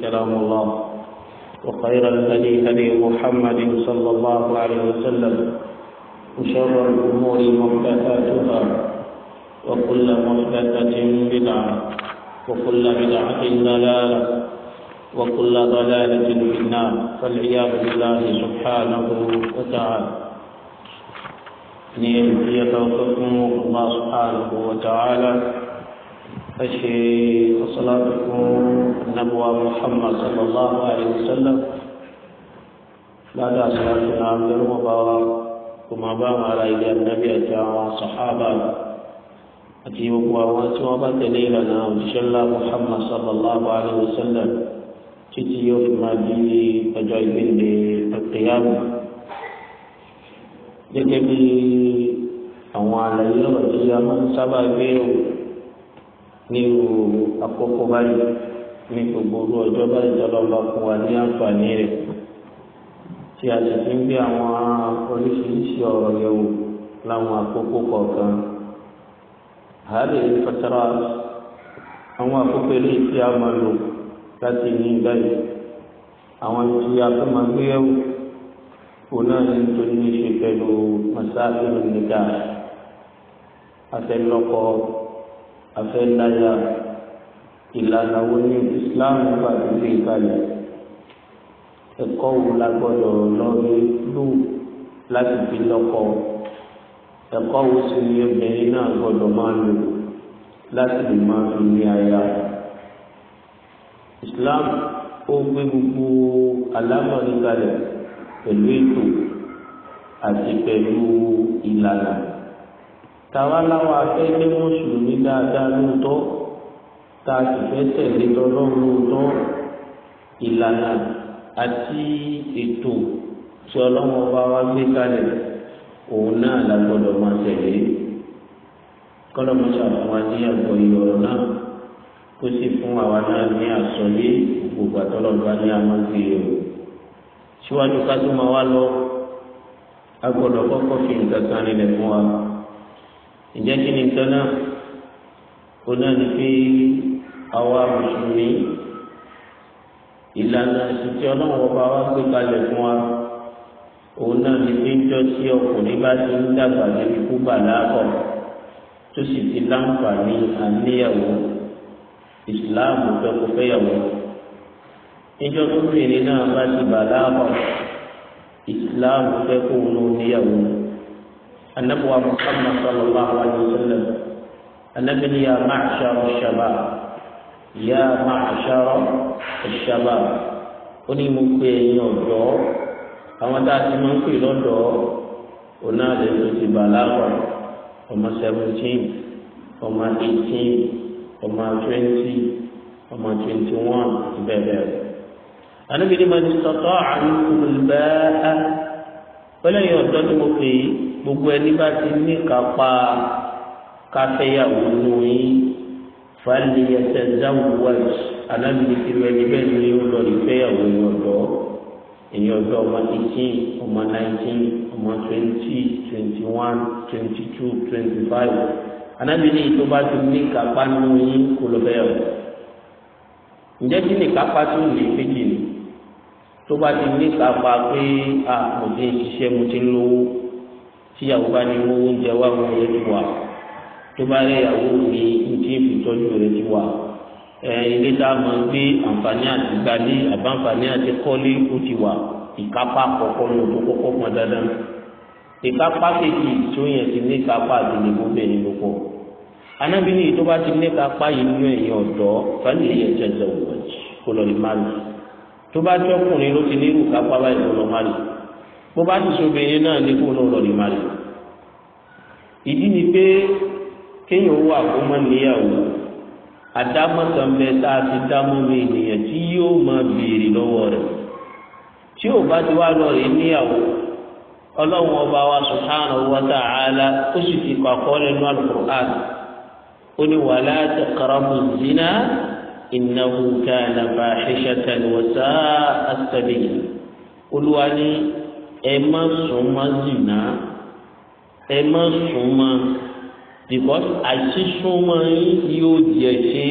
كلام الله وخير الهدي هدي محمد صلى الله عليه وسلم وشر الأمور محدثاتها وكل محدثة بدعة وكل بدعة ضلالة وكل ضلالة في النار فالعياذ بالله سبحانه وتعالى نيتي توفيق الله سبحانه وتعالى أشي صلاتكم نبوة محمد صلى الله عليه وسلم بعد صلاتنا عبد المبارك وما بام على إلى النبي أتى صحابة أتي وقوات وبتلي لنا وجل محمد صلى الله عليه وسلم títí yóò fi máa di ọjọ́ ìgbéǹde ọ̀kẹ́yàmù. gẹ́gẹ́ bí àwọn àlàyé nírú àkókò báyìí ní gbogbo orú ọjọ́ báyìí tọ́lọ́ba fún wa ní àǹfààní rẹ̀ tí a sì fi ń gbé àwọn oríṣiríṣi ọ̀rọ̀ yẹ̀wò láwọn àkókò kọ̀ọ̀kan. àárẹ̀ ìfọ̀tara àwọn àkókò eléyìí tí a máa lò láti ní báyìí àwọn tí a fẹ́ máa gbé yẹ̀wò òun náà ní tó ní ṣe pẹ̀lú masáàlú nìkan àfẹ́lọ́kọ̀ọ́ afẹ́láyà ìlànà wo ní Islam pàdé sí ìkàlẹ̀ ẹ̀kọ́ wo la gbọ́dọ̀ lọ́ọ́ lò láti fi lọ́kọ ẹ̀kọ́ wo sì ni obìnrin náà gbọ́dọ̀ máa lò láti lè máa fi ní aya Islam ó gbé gbogbo alámọ̀rí kalẹ̀ pẹ̀lú ètò àti pẹ̀lú ìlànà tàwa láwa fẹ́ jẹ́ mùsùlùmí dáadáa lóòótọ́ tá a sì fẹ́ tẹ̀lé tọ́lọ́run lóòótọ́ ìlànà àti ètò tí ọlọ́run ọba wa gbé kalẹ̀ òun náà la gbọ́dọ̀ máa tẹ̀lé kọ́lọ́mọṣà fún wa ní àgbọ̀ ìyọ̀rọ̀ náà kó sì fún àwa náà ní àsọyé gbogbo àtọ́lọ́gbá ní amágbére o síwájú ká tó máa wá lọ a kọ́kọ́ fi nǹkan kan nílẹ̀ fún wa ìjẹ́ kí ni nǹkan náà ó náà ní pé àwa mùsùlùmí ìlànà ìsìnkú ọlọ́run ọba wa gbé kalẹ̀ fún wa òun náà ní pé ń jọ sí ọkùnrin bá ti ń dàgbà níbi kú bàlágọ̀ tó sì ti láǹfààní àníyàwó ìsìláàmù fẹ́kọ̀ fẹ́yàwó níjọ́ tó bìnrin náà bá ti bàlágọ̀ ìsìláàmù fẹ́kọ̀ òun ló níyàwó. النبوة محمد صلى الله عليه وسلم النبي يا معشر الشباب يا معشر الشباب ó ní mo pe ẹ̀yin ọ̀dọ́ àwọn tá a ti máa ń pè lọ́dọ̀ òun náà lè lọ sí bàlágà ọmọ seventeen ọmọ eighteen ọmọ twenty ọmọ twenty one bẹ́ẹ̀ bẹ́ẹ̀ lọ. àníbi ni mo ti sọ̀tọ̀ àánú kùnú bẹ́ẹ̀ ẹ́ pẹ́lẹ́ yìí ọ̀dọ́ ni mo pè é gbogbo ẹni bá ti ní kápá káfẹ́yàwó nù yín fàlẹ́ ẹsẹ̀ dáwọ́ wáyé alábìlẹ́sẹ̀ rẹ̀ níbẹ̀ ni ó lọ ìfẹ́yàwó ní ọ̀dọ́ èyí ọ̀dọ́ ọmọ eighteen ọmọ nineteen ọmọ twenty twenty one twenty two twenty five anábìlẹ̀ yìí tó bá ti ní kápá nù yín kó lọ fẹ́yàwó ǹjẹ́ kí ni kápá tó lè fẹ́jì ni tó bá ti ní kápá pé a mo ti ń ṣiṣẹ́ mo ti ń lówó tíyàwó bá ní owó oúnjẹ wá wọn rẹ ti wà tó bá rẹ ìyàwó mi ní tí ìfi tọ́jú rẹ ti wà ilé tá a máa gbé àǹfààní àti gbalé àbáǹfààní àti kọ́lé ó ti wà ìkápá kọ̀ọ̀kan ní ojú kọ́kọ́ pọn dandan ìkápá kejì tó yẹn ti ní kápá àti ìdìbò bẹ́ẹ̀ ni ló pọ̀ anábìíní tó bá ti ní kápá yìí nínú ẹ̀yìn ọ̀dọ́ fẹ́lẹ̀ yẹ jẹjẹ òwòjì kó lọ́ọ́ lè má lò tó bá jọ́kùnrin ló ti ní irú kápá báyìí lọ́ọ́ bó bá ti sobìnrin náà ní kó náà lọ ní malè ìdí ni pé kéèyàn wà kó mọ níyàwó àdámọ́sán bẹ tá a ti dámọ́ mi ènìyàn tí yóò máa béèrè lọ́wọ́ rẹ̀ tí ò bá ti wá lọ rí níyàwó ọlọ́run ọba wa subhanahu wa ta'ala ó sì ti kọ́ àkọọ́lẹ̀ nínú alukur'an ó ní wala taqrabu zina innahu kana fahishatan wa sa'a as-sabila olúwa ní ẹ má sùn má zìnà ẹ má sùn má because àṣìṣùn má yóò di ẹ̀ṣẹ̀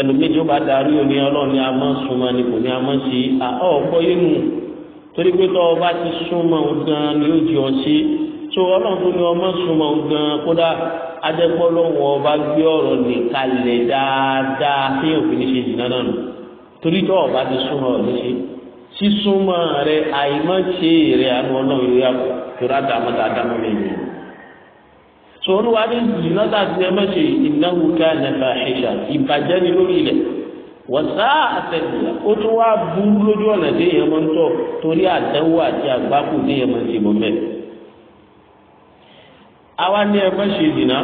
ẹlòmíjì ó bá darí omi ọlọ́run ní a má sùn má ni kò ní a má ṣe ọ ọ̀pọ̀ yín mu torí pé tọ́ ọ ti sùn má o gan ni ó di ọ ṣe tó ọlọ́run tó ní ọmọ sùn má o gan kódà adẹ́gbọ́lọ́wọ́ ọba gbé ọ̀rọ̀ nìkalẹ̀ dáadáa fún òfin ṣe jìnnà náà torí tọ́ ọ bá ti sùn má o ní ṣe sísúnmọ́ rẹ àìmọ́ṣe rẹ àánú ọlọ́run yóò yàgò tó rà dààmú dààmú lẹ́yìn sọ̀rọ̀ wa ní zina láti ẹ mẹ́ṣe innahu kana fahisha ìbàjẹ́ ni lórí ilẹ̀ wọ́sá àtẹ̀lẹ̀ ó tún wá burú lójú ọ̀nà tí èèyàn máa ń tọ̀ torí àdánwò àti àgbákò tí èèyàn máa ń ṣe bọ́mẹ́. àwa ní ẹ mẹ́ṣe zina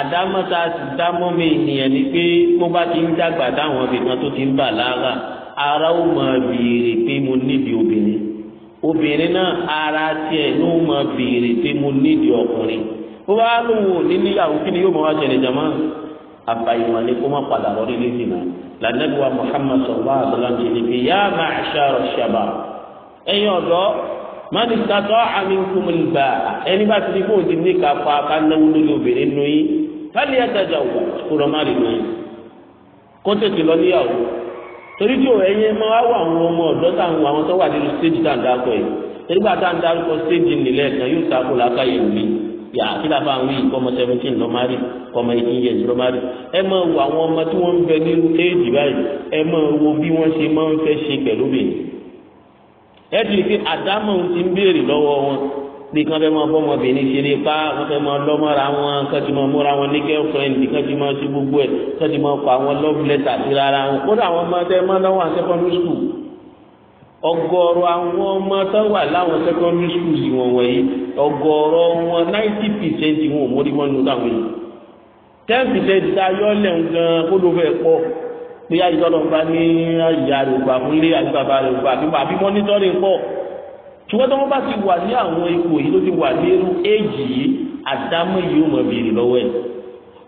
àdámọ́ta ti dámọ́ mi nìyẹn ni pé mo bá ti ń dàgbà táwọn ibìkan tó ti ń bà lára ara ó máa béèrè pé mo nídìí obìnrin obìnrin náà ara tiẹ̀ ló máa béèrè pé mo nídìí ọkùnrin bó bá lóun ò ní níyàwó kí ni yóò máa wá ṣẹlẹ̀ jàmá àbàyìmọ̀ ni kó má padà lọ nílé ìdìbò lànàbíwá Muhammad sallallahu alaihi wa sallam ti ní pé yá ma'ashar ash-shabab ẹ̀yin ọ̀dọ́ mani tatọ aminkum alba ẹni bá ti di kó o ti ní ká fa ká náwó lórí obìnrin nù yín fẹlẹ ẹdájà wà kúrọ má nù yín kó tètè lọ níyàwó torí tí òun ẹyẹ máa wá àwọn ọmọ ọ̀dọ́ tá àwọn àwọn tó wà nínú stéèjì tá à ń dákọ yìí nígbà tá à ń dárúkọ stéèjì nílẹ̀ kan yóò sáko làákàyè mi yà kí láfa àwọn yìí kọ́mọ seventeen lọ́márì kọ́mọ eighteen years lọ́márì ẹ máa wo àwọn ọmọ tí wọ́n ń bẹ nínú éèjì báyìí ẹ máa wo bí wọ́n ṣe máa ń fẹ́ ṣe pẹ̀lú bèèrè ẹ ti rí i pé àdámọ̀ ti ń béèrè lọ́wọ́ wọn bí kan fẹ́ máa bọ́ ọmọbìnrin ṣeré pa wọ́n fẹ́ máa lọ́mọ́ra wọn kan ti máa múra wọn ní girlfriend kan ti máa ṣe gbogbo ẹ̀ kan ti máa kọ àwọn love letter sí rárá wọn kódà àwọn ọmọ tẹ máa lọ́wọ́ àwọn secondary school ọ̀gọ̀rọ̀ àwọn ọmọ tó wà láwọn secondary schools wọn wọ̀nyí ọ̀gọ̀rọ̀ wọn ninety percent wọn ò mórí wọn nù láwọn yìí ten percent ta yọ lẹ́hìn gan kó ló fẹ́ pọ̀ pé àyíká ọlọ́run ní àyà ṣùgbọ́n tí wọ́n bá ti wà ní àwọn ipò yìí tó ti wà ní irú éèjì yìí àdámọ́ yìí ó mọ̀ béèrè lọ́wọ́ ẹ̀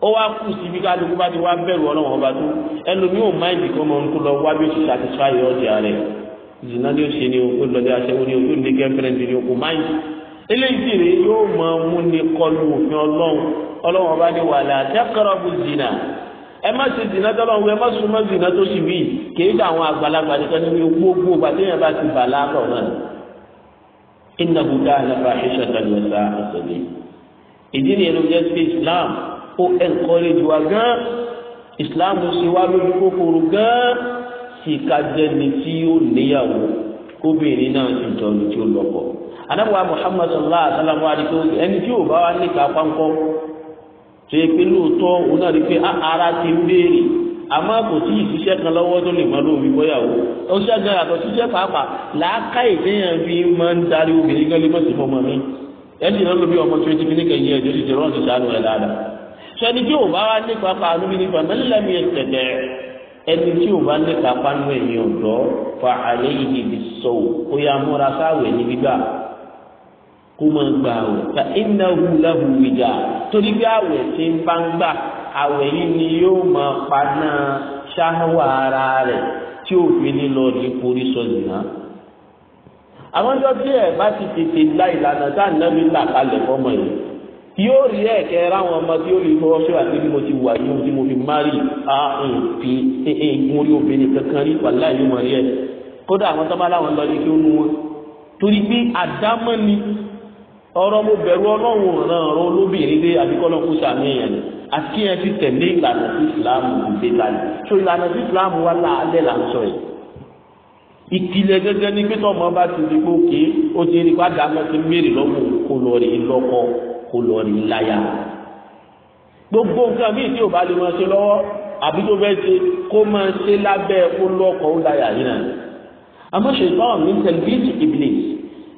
ó wá kù síbi kálukú bá ti wá bẹ̀rù ọlọ́wọ́n ọba tó ẹlòmíì ò máìlì kan mọ̀ nǹkó lọ wá bí ó ti satisfy ọ̀dẹ̀ rẹ̀ zina ni ó ṣe ni ó lọ́dẹ aṣẹ́wó ni ó ní gẹ́fẹ́rẹ́ntì ni ó kò máìlì eléyìí rẹ̀ yóò máa mú ni kọlu òfin ọlọ́run ọlọ́run ọba zina ẹ má ṣe zina tọ́lọ́run ẹ má súnmọ́ zina tó sì wí kì í dà àwọn àgbàlagbà nìkan ní gbogbo gbàtẹ́yìn bá ti bàlá kọ̀ náà innahu kana fahishatan wa sa'a sabila ìdí nìyẹn ló jẹ́ sí islam ó encourage wa gan islam sì wá lójú kòkòrò gan sì ká jẹni tí ó níyàwó kóbìnrin náà ti jọ̀ọ́nù tí ó lọ́kọ. anábọ̀wá muhammad sallallahu alaihi wa sallam wa adigun ẹni tí ò bá wá nípa pánkọ́ tó yẹ pé lóòótọ́ òun náà rí i pé ara ti ń béèrè àmọ́ kò tí ì ṣiṣẹ́ kan lọ́wọ́ tó lè mọ́ lórí bóyáwó ó ṣẹ́gun àtọ̀ ṣiṣẹ́ pàápàá làákà ìdíyàn fi máa ń darí obìnrin gan lémọ̀ sí fọmọ mi ẹ̀sìn náà bí ọmọ twenty minute kan yẹ ẹ̀jọ́ sì ti rán ti sànù rẹ̀ dáadáa sẹ́ni tí ò bá wá ní pápá àlóbi ní pápá mẹ́lẹ́mí ẹ̀tẹ̀tẹ̀ ẹni tí ò bá ní pápá nù ẹ̀yìn ọ̀dọ́ fa àlẹ́ yìí bí sọ̀wọ́ ó yà múra sáwẹ̀ ní gbígbà kó máa gbà wẹ̀ ká iná hu àwẹ̀ yìí ni yóò máa paná ṣáhàwà ara rẹ̀ tí ò fi ní lọ ní forí sọ̀rọ̀ náà. àwọn ọjọ́ tí ẹ̀ bá ti tètè la ìlànà tá à ń nábi là kalẹ̀ fọmọ yìí yóò rí ẹ̀kẹ́ ráwọn ọmọ tí ó lè fọwọ́ ṣe àti bí mo ti wà yìí tí mo fi márì á nfi eegun orí obìnrin kankan rí wàhálà yìí mọ̀ rí ẹ̀ kódà àwọn tọ́ba láwọn lọ ní kí ó nu wọn torí pé àdámọ́ ni ọ̀rọ̀ mo bẹ̀rù ọlọ́run ràn ọ̀rọ̀ olóbìnrin dé àbíkọ́lọ́ kó sàmìyàn ni àti kí yẹn ti tẹ̀lé ìlànà sí ìsìláàmù ìgbé lálẹ́ so ìlànà sí ìsìláàmù wa láàlẹ́ là ń sọ yìí ìkìlẹ̀ gẹ́gẹ́ ní pé tọ́mọ bá ti di pé òkè ó ti rí padà lọ sí mẹ́rin lọ́wọ́ kó lọ rí lọ́kọ kó lọ rí láyà gbogbo nǹkan bíi tí ò bá lè máa ṣe lọ́wọ́ àbí tó fẹ́ ṣe kó máa ṣe lábẹ́ kó lọ́kọ ó láyà yìí náà àmọ́ ṣètò ọ̀hún ní tẹlifíṣì ìbílẹ̀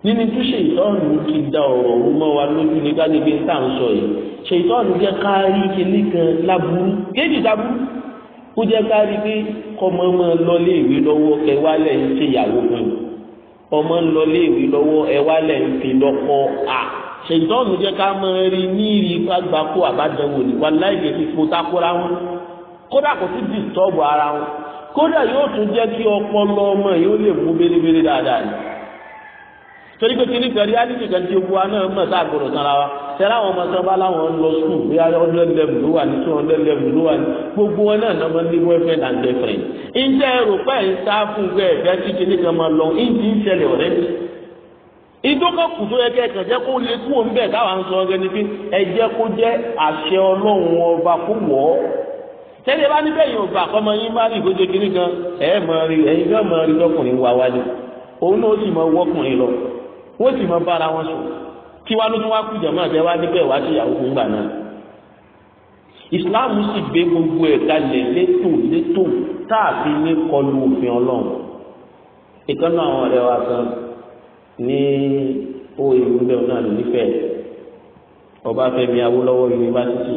nínú tí ṣètọ́ọ̀nù ti da ọ̀rọ̀ ọ̀hún mọ́ wa lójú ní gbàgede tá à ń sọ yìí ṣètọ́ọ̀nù jẹ́ ká rí kinní kan láburú kéjì táburú kó jẹ́ ká rí pé kọ́mọ mọ́ ń lọ léèwé lọ́wọ́ kẹ wálẹ̀ ń ṣe ìyàwó fún ọmọ ń lọ léèwé lọ́wọ́ ẹ wálẹ̀ ń fi lọ́kọ́ à ṣètọ́ọ̀nù jẹ́ ká mọ́ rí ní ìrì fagbákó àbájáwò ní wa láìpẹ́ ti fo wọn kódà kò torí pé kìíní kan reality kan ti wá náà mọ̀ tá a gbọ́dọ̀ sanra wa tẹ́lá àwọn ọmọ sábà láwọn lọ skul bí i hundred level ló wà ní two hundred level ló wà ní gbogbo wọn náà lọ́mọ ní boyfriend and girlfriend. ìjẹ́ èrò pẹ́ ń sá fún gbẹ́ ẹ̀fẹ́ tí kìíní kan máa lọ ìdí ń ṣẹlẹ̀ ọ̀rẹ́ mi. ìdókò kù tó yẹ kó lè kú òun bẹ́ẹ̀ káwa sọ wọ́n sì mọ bára wọn sùn kí wàá ló tún wá kú jẹ̀mọ́ àti ẹwà níbẹ̀ wá sí ìyàwó fún gbà náà ìsìláàmù sì gbé gbogbo ẹ̀ kalẹ̀ létò létò táàbí ní kọlu òfin ọlọ́run ìkànnì àwọn ọ̀rẹ́ wa kan ní owó ìlú bẹ́ẹ̀ náà ló nífẹ̀ẹ́ Ọbáfẹ́mi Awólọ́wọ̀ yunifásitì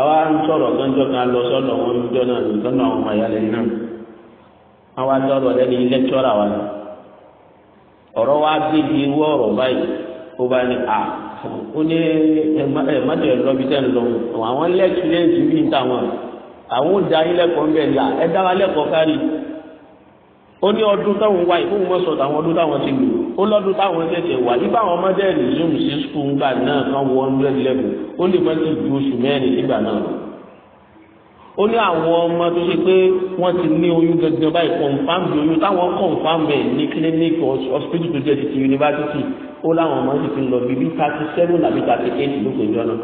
àwa ń sọ̀rọ̀ gánjọ́ kan lọ sọ́dọ̀ wọn lójọ́ náà lójọ́ náà àwọn ọmọ ìyá lẹ́yìn náà àwa dọ́rọ̀ lẹ́ni lẹ́kítọ́rà wa náà ọ̀rọ̀ wa débi irú ọ̀rọ̀ báyìí ó bá ní a ó ní ẹ̀mọ́tẹ̀ lọ́bi tẹ́ ń lọ àwọn lẹ́túlẹ́ǹtì bíi táwọn àwọn ò dá yín lẹ́kọ̀ọ́ ń bẹ̀ ní ẹ dára lẹ́kọ̀ọ́ kárí ó ní ọdún táwọn wáyé fún wọn sọ̀tà àwọn ọdún táwọn ti lò ó lọ́dún táwọn tẹ̀sẹ̀ wà nígbà àwọn ọmọdé ẹ̀ zoom sí skul ńgbà náà kan wọ́n lẹ́nu ó lè mọ́ ti ju oṣù mẹ́rin nígbà náà lọ ó ní àwọn ọmọ tó ṣe pé wọ́n ti ní oyún gangan báyìí confam bí oyún táwọn confam ẹ̀ ní clinic hospital tó jẹ́ ti ti university ó láwọn ọmọ sì ti lọ bíi bíi thirty seven àbí thirty eight lóko ìjọ náà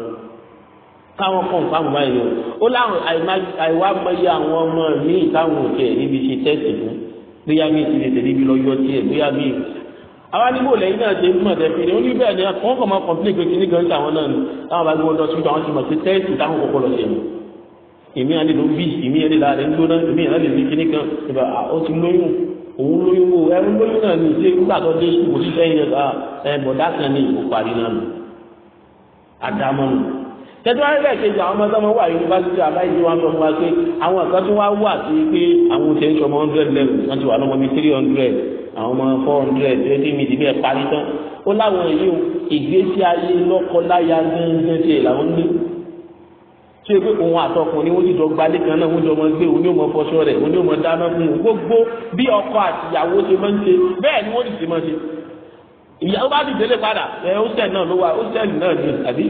káwọn confam báyìí o ó láwọn àìwá mọyé àwọn ọmọ míì táwọn ò tẹ̀ níbi ṣe tẹ́sì fún bóyá mi ti lè tẹ̀lé ibi lọ yọ tiẹ̀ bóyá mi àwọn anígbò lẹ́yìn náà ṣe ń mọ̀ tẹ́fì ni ó ní bẹ́ẹ̀ ni wọ́n kàn máa complain pé kíní gan-an táwọn náà ni táwọn bá gbọ́ lọ àwọn ti mọ̀ sí tẹ́sì táwọn kọ́kọ́ lọ ṣe mọ̀ èmi àlè ló bí èmi àlè láàrẹ ń gbóná èmi àlè lè kíní kan ìgbà ó ti lóyún òun lóyún o ẹrú lóyún náà ní ṣé nígbà tó dé kò sí sẹ́yìn ẹ̀ka bọ̀dá kan ní ìkó parí náà nù àdámọ́nù tẹ́tíwájú bẹ́ẹ̀ kejì àwọn ọmọ sọmọ wà yunifásitì àbáyé wọn sọ fún wa pé àwọn kan tó wá wà sí pé àwọn oṣù ẹ̀ṣọ́ ọmọ hundred level wọ́n ti wà lọ́mọ bíi three hundred àwọn ọmọ four hundred twenty midi bẹ́ẹ̀ parí tán ó láwọn èyí ìgbésí ayé lọ́kọ láya gbẹ́ngbẹ́ tiẹ̀ làwọn ń gbé tí o pé òun àtọkùn ni wọ́n ti jọ gbalẹ̀ kan náà wọ́n jọ máa gbé òun ni ó máa fọṣọ rẹ̀ òun ni ó máa dáná fún un gbogbo bí ọkọ àtìyàwó ṣe máa ń ṣe bẹ́ẹ̀ ni wọ́n ti ṣe máa ṣe ìyàwó bá dìde lè padà ẹ hostel náà ló wà hostel náà ni àbí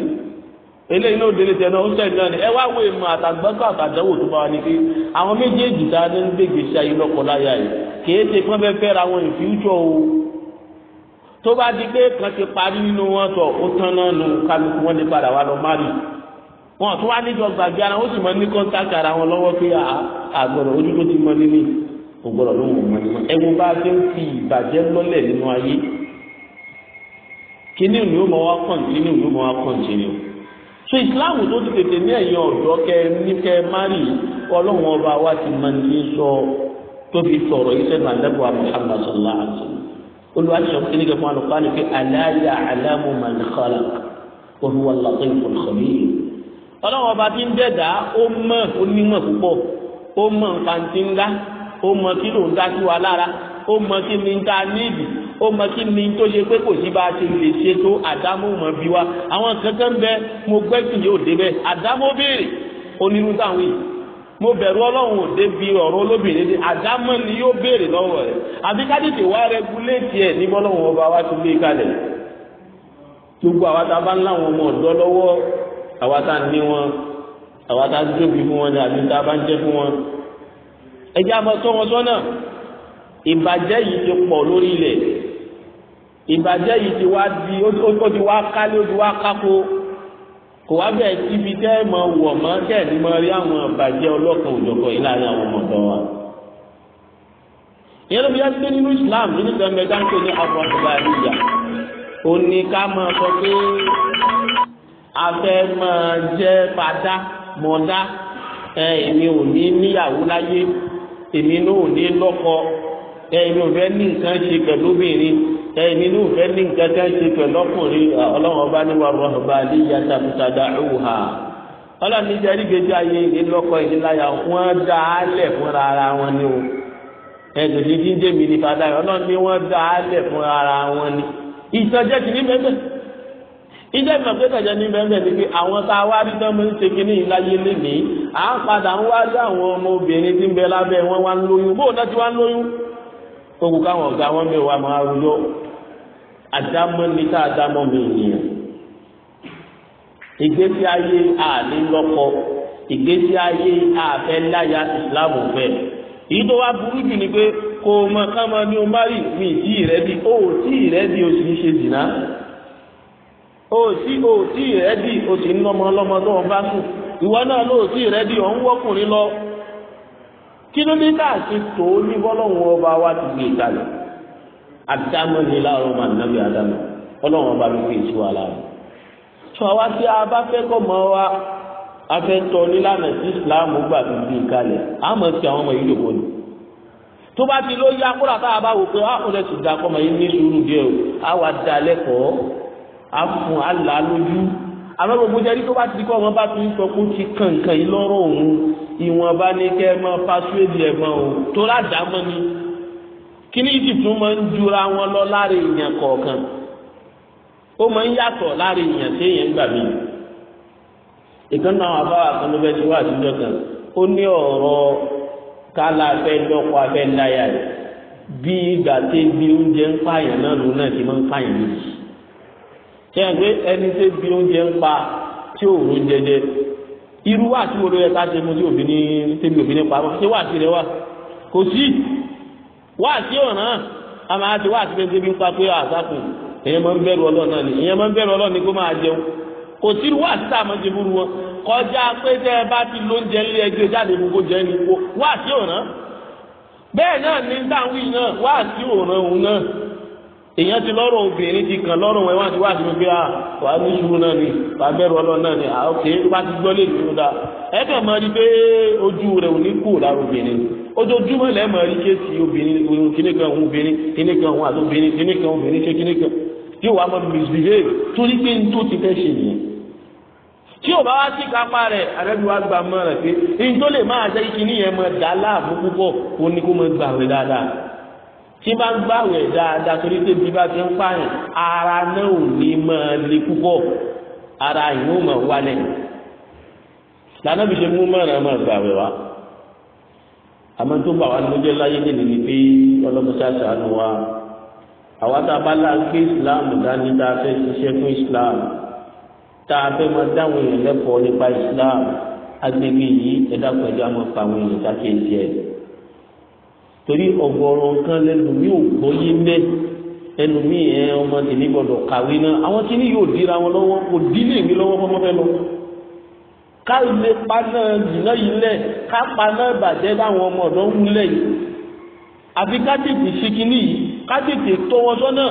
eléyìí náà délé tẹ náà hostel náà ni ẹ wá wo ìmọ̀ àtàgbọ́kọ̀ àtàdánwò tó bá wà ní pé àwọn méjèèjì tá a ní ń gbègbè ṣe ayé lọ́kọ láyà yìí kìí ṣe kán fẹ́ fẹ́ ra wọn in future o tó bá di pé kan ti parí nínú wọn tọ̀ ó tán náà nu kálukú wọn lè padà wá lọ márì wọn tó wá níjọ gbàgbé ara wọn sì máa ní kọ́ńtàkì ara wọn lọ́wọ́ pé ah, ah, àgbọ̀dọ̀ ojú tó ti mọ nínú ògbọ̀dọ̀ ló wù wọn nímọ̀ ẹ̀wọ̀n bá fi ń fi ìbàjẹ́ lọ́lẹ̀ nínú ayé kíní ìlú mọ̀ wá kọ̀ǹtínú ìlú mọ̀ wá kọ̀ǹtínú so islam tó ti tètè ní ẹ̀yìn ọ̀dọ́ kẹ ní kẹ mari ọlọ́run ọba wa ti máa ní sọ tó fi sọ̀rọ̀ iṣẹ́ náà lẹ́bùn Muhammad sallallahu alaihi wasallam olùwàṣọ ọlọ́run ọba tí ń dẹ̀dá ó mọ̀ onímọ̀ púpọ̀ ó mọ̀ pàǹtí ńlá ó mọ̀ kí ló ń dá sí wa lára ó mọ̀ kí ni ta níbi ó mọ̀ kí ni tó ṣe pé kò sí bá a ṣe lè ṣe tó àdámọ́ mọ̀ bí wa àwọn kankan bẹ mo gbẹ́sìn yóò débẹ̀ àdámọ́ béèrè onírú táwọn yìí mo bẹ̀rù ọlọ́run ò débi ọ̀rọ̀ olóbìnrin dé àdámọ́ ni yóò béèrè lọ́wọ́ rẹ̀ àbí kádìtì wá rẹgúléètì ẹ̀ níbọ̀ lọ́wọ́ ọba wa tó gbé kalẹ̀ gbogbo àwọn tá a bá ń láwọn ọmọ ọ̀dọ́ lọ́wọ́ àwa tá ní wọn àwa tá jóbi fún wọn àbí tá bá ń jẹ́ fún wọn ẹjẹ́ àmọ́ tọ́ wọn sọ́nà ìbàjẹ́ yìí ti pọ̀ lórí ilẹ̀ ìbàjẹ́ yìí ti wá di ó ti wá kálé ó ti wá kákó kò wá bẹ́ẹ̀ síbi tẹ́ ẹ mọ wọ̀ mọ́ tẹ́ ẹ̀ ní mọ rí àwọn ìbàjẹ́ ọlọ́kan òjọ̀kan yìí láàrin àwọn ọmọdé wa ìyẹn ló fi yá sí nínú Islam nínú ìgbà mẹ́ta ń pè ní àbọ̀ àbúgbà àríyá ó ní ká máa sọ pé afẹ́ máa jẹ́ padà mọ̀dá ẹ èmi ò ní níyàwó láyé èmi náà ò ní lọ́kọ ẹ èmi ò fẹ́ ní nǹkan ṣe pẹ̀lú obìnrin ẹ èmi náà ò fẹ́ ní nǹkan kan ṣe pẹ̀lú ọkùnrin ọlọ́run ọba ní rọ̀bà ní yàtà mùsàdà òwúhà ọlọ́run ní jẹ́rí gbèjì ayé ìlọ́kọ ìdíláyà wọ́n dá a lẹ̀ fúnra ara wọn ni o ẹ̀dùn ní dídé mi ní padà ọlọ́run ní wọ́n dá a lẹ̀ fúnra ara wọn ni ìtọ́jẹ́ ti ní mẹ́mẹ́ ìjọ ìmọ̀ pé kẹjọ ní bẹ́ẹ̀ ni pé àwọn tá a wá rí tán máa ń ṣe kínní láyé lénìí à ń padà ń wá rí àwọn ọmọ obìnrin tí ń bẹ lábẹ́ wọn wá ń lóyún bóun náà ti wá ń lóyún kókò káwọn ọ̀gá wọn mi wà máa rúyọ àdámọ́ ní ìgbésí ayé àní lọ́kọ ìgbésí ayé àfẹ́ láya ìsìlámù fẹ́ èyí tó wá burú jù ni pé kò mọ̀ ká mọ̀ ní o má rí mi tí ì o tí o tí rẹ́dì o sì ń lọ́mọ lọ́mọ tó wọn bá sùn ìwọ náà ló tí rẹ́dì ọ̀ ń wọ́kùnrin lọ kí ló ní tá a ti tó o ní bọ́lọ́hún ọba wa ti gbé ìtàlẹ̀ àdámọ́ ni láàárọ̀ máa nábì àdámọ́ ọlọ́run ọba ló fi ìṣúra láàárọ̀ tó wá sí a mọ́ wa a nílànà tí ìsìláàmù gbà fi gbé ìkàlẹ̀ a mọ̀ sí àwọn ọmọ yìí lòkọ́ ni tó bá ti ló yá kúrò àfún àlà lójú àmọ́ gbogbo jẹ́rí tó bá ti kọ́ ọmọ bá ti ń sọ pé ó ti kàn kàn yín lọ́rọ̀ òun ìwọ̀nba ní kẹ́ ẹ máa fásúwèdì ẹ̀ tó ládàámọ́ ni kíní ìdì tún máa ń jura wọn lọ lára èèyàn kọ̀ọ̀kan ó máa ń yàtọ̀ lára èèyàn tí èèyàn gbà mí. ìkànnì àwọn abáwà kan ló fẹ́ẹ́ ti wá àtijọ́ kan ó ní ọ̀rọ̀ kálá fẹ́ lọ́kọ abẹ́ ńláyà bí ìgbà tẹ́ bí oúnjẹ ń pààyàn náà lòun náà ti máa ń pààyàn méjì ṣe é pé ẹni tó bí oúnjẹ ń pa tí òòrùn jẹjẹ irú wà tí wọlé ẹka ṣe mú tí òbí ní tẹbi òbí ní pa ṣé wà sí rẹ wà kò sí wà sí ọ̀ràn a máa ti wà sí pé tẹbi ń pa pé àṣàkùn èèyàn máa ń bẹ̀rù ọlọ́run náà ni èèyàn máa ń bẹ̀rù ọlọ́run ni kó máa jẹun kò sí wà sí tá a máa ń ṣe fúru wọn kọjá pé tẹ ẹ bá ti lóúnjẹ lé ẹgbẹ́ jáde gbogbo jẹ ni wà sí ọ̀ràn bẹ́ẹ̀ náà ni táwọn èèyàn ti lọ́rọ̀ obìnrin ti kàn lọ́rọ̀ wọn wá sí wá sí mi pé ah, wà á ní sùúrù náà ni wà á bẹ̀rù ọlọ́run náà ni àwọn kì í bá ti gbọ́ lè dúró dáa ẹ kàn máa rí i pé ojú rẹ̀ ò ní kú lára obìnrin ojoojúmọ́ ilẹ̀ máa rí kéèsì obìnrin kíní kan òun obìnrin kíní kan òun àti obìnrin kíní kan obìnrin ṣe kíní kan tí wàá mọ misbehave torí pé n tó ti fẹ́ ṣe nìyẹn tí o bá wá sí kápá rẹ̀ àrẹ́bí wa gbà tí bá ń gbàwẹ̀ dáadáa torí pé bí bá fi ń pààyàn ara náà ò ní máa le púpọ̀ ara ìwọ̀n máa wálẹ̀ lànà bí ṣe mú mọ́ràn máa gbàwẹ̀ wá àmọ́ tó bá wa lójú láyé nínú ni pé ọlọ́mọṣá ṣàánú wa àwa tá a bá lá Islam dání tá a fẹ́ ṣiṣẹ́ fún Islam tá a fẹ́ máa dáwọn èèyàn lẹ́kọ̀ọ́ nípa Islam agbègbè yìí ẹ̀dá pẹ̀lú àwọn ọ̀pọ̀ àwọn èèyàn tá a kéèjì ẹ̀ torí ọ̀gọ̀rọ̀ nǹkan lẹ́nu mi ò gbọ́yé mẹ́ ẹnu mi ẹ ọmọ tèmi gbọ́dọ̀ kàwé náà àwọn tí yóò dira wọn lọ́wọ́ kò dílé mi lọ́wọ́ fọmọ fẹ́ lọ ká lè paná jìnnà yìí lẹ̀ ká paná ìbàjẹ́ láwọn ọmọ ọ̀dọ́ ń wúlẹ̀ yìí àfi ká tètè ṣe kínní yìí ká tètè tọ́ wọn sọ́nà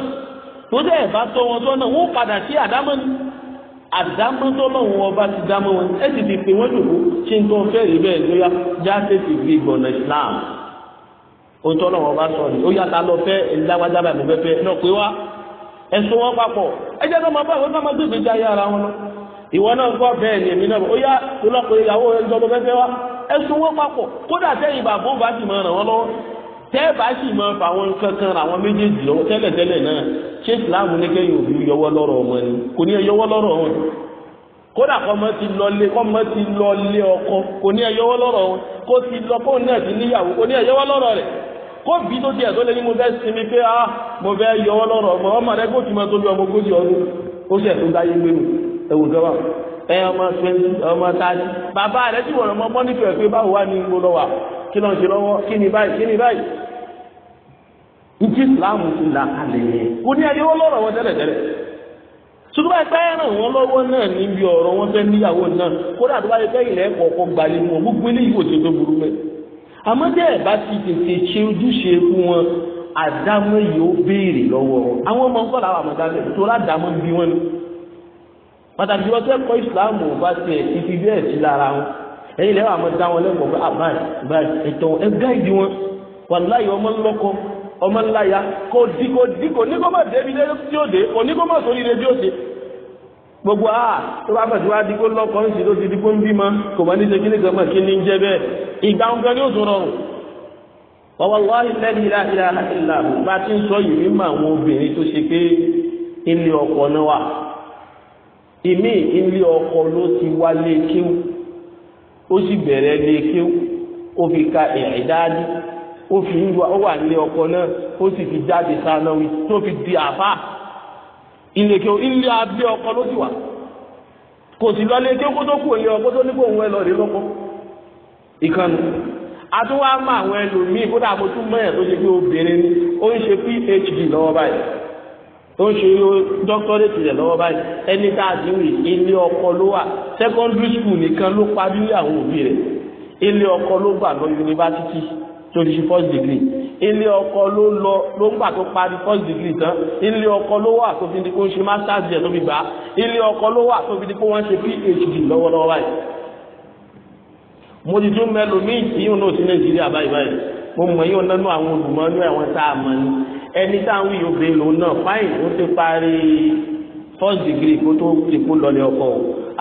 tó dẹ̀ bá tọ́ wọn sọ́nà wọ́n padà sí àdámọ́ ni àdámọ́ tọ́lọ́wọ́n ọba ti dámọ́ wọn ẹ tètè pè wọ́n jòkó ṣé ń tọ́ fẹ́ẹ̀rí bẹ́ẹ̀ lóyá já tètè gbé gbọ̀nà Islam ohun tó lọ́wọ́ bá sọ ni ó yàtá lọ fẹ́ ìdáwájá báyìí mo fẹ́ fẹ́ náà pé wá ẹ̀sùn wọn papọ̀ ẹjẹ́ náà máa bá wọn náà máa gbé ìgbésí ayé ara wọn lọ ìwọ náà gbọ́ bẹ́ẹ̀ ni èmi náà ó yá ọlọ́kùnrin ìyàwó rẹ̀ lọ́mọ fẹ́ fẹ́ wá ẹ̀sùn wọn papọ̀ kódà tẹ́yìn bàbá bá sì máa ràn wọ́n lọ́wọ́ tẹ́ bá sì máa fa àwọn kankan àwọn méjèèjì lọ́wọ́ tẹ́lẹ̀ tẹ́lẹ̀ náà ṣé ìsìláàmù ní kẹ́yìn òbí yọwọ́ lọ́rọ̀ ọmọ ni kò ní kó bí tó tiẹ̀ tó lé ní mo fẹ́ sinmi pé á ah, mo fẹ́ yọ ọ́ lọ́rọ̀ ọmọ ọmọ rẹ kó tìmọ̀ tó bí ọmọ ogójì ọdún ó sì ẹ̀sùn dáyé gbé ẹ̀wù gọ́wà ẹ ọmọ twenty ọmọ thirty bàbá rẹ ti wọ̀rọ̀ mọ́ mọ́nítọ̀ ẹ̀ pé báwo wà ní mo lọ wà kí ló ń ṣe lọ́wọ́ kí ni báyìí kí ni báyìí ìtì ìsìláàmù ti là kalẹ̀ yẹn kò ní ẹni lọ́rọ̀ wọn tẹ́lẹ̀tẹ́lẹ̀ ṣùgbọ́n ẹgbẹ́ ẹ̀ràn wọn lọ́wọ́ náà níbi ọ̀rọ̀ wọn fẹ́ níyàwó náà kódà tó bá yẹ kẹ́yìn lẹ́ẹ̀kọ̀ọ̀kan gbalẹ̀ wọn gbogbo eléyìí kò ṣe tó burú mẹ́rin àmọ́jẹ́ ẹ̀ bá ti tètè ṣe ojúṣe fún wọn àdámọ́ yìí ó béèrè lọ́wọ́ àwọn ọmọ nǹkan làwọn àmọ̀dámọ́ tó ládàámọ́ bí wọ́n ni pàtàkì jùlọ kẹ́kọ̀ọ́ ìsìláàmù bá tiẹ̀ ibi bẹ́ẹ̀ sí lára wọn ẹ̀yin lẹ́wọ̀ àmọ́ dá wọn lẹ́kọ̀ọ́ pé àbáyé ah, báyìí ẹ̀tọ́ ẹ gáìdì wọn wàláyé ọmọ ńlọ́kọ ọmọ ńláya kò dí kò dí kò ní kó má débi lé tí ó dé kò ní kó má sórí lé bí ó ṣe gbogbo a ah, tó bá bẹ̀rẹ̀ wá di kó lọ́kọ̀ ń sì ti di kó ń bímọ kò mọ̀ ní ṣe kíní kan mọ̀ kí ní jẹ́ bẹ́ẹ̀ ìgbà ń gan ni tún rọrùn. wallahi alladhi la ilaha illa hu bá ti ń sọ yìí mímọ̀ àwọn obìnrin tó ṣe pé ilé ọkọ náà wà ìmí ilé ọkọ ló ti wálé kíw ó sì bẹ̀rẹ̀ lé kíw ó fi ka ìdádi ó fi ń wà ó wà ilé kí o ilé abẹ́ ọkọ ló ti wà kò sì lọ lé kí kó tó kù ilé ọkọ tó ní kó òun ẹ lọ rí lọ́kọ́ ìkànnì àtúwá mọ àwọn ẹlòmíì kódà mo tún mọ̀ ẹ̀ tó ṣe pé obìnrin ni ó ń ṣe phd lọ́wọ́ báyìí ó ń ṣe dọ́kítọ́rẹ́tì rẹ̀ lọ́wọ́ báyìí ẹni tá a ti wì ilé ọkọ ló wà secondary school nìkan ló parí àwọn òbí rẹ̀ ilé ọkọ ló gbà lọ yunifásitì tó fi ṣe first degree ilé ọkọ ló lọ ló ń gbà tó parí first degree tán ilé ọkọ ló wà tó fi di kó ń ṣe masters díẹ̀ tó fi gbà á ilé ọkọ ló wà tó fi di kó wọ́n ṣe phd lọ́wọ́lọ́wọ́ báyìí mo ti tún mẹ́lò mí ìyóò náà sí nàìjíríà báyìí báyìí mo mọ̀ yóò nánú àwọn olùmọ̀ ní àwọn tá a mọ̀ ní ẹni tá à ń wí obìnrin lòun náà fáìn ó ti parí first degree kó tó ti kó lọlé ọkọ